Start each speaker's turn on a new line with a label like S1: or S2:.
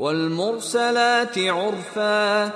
S1: والمرسلات عرفا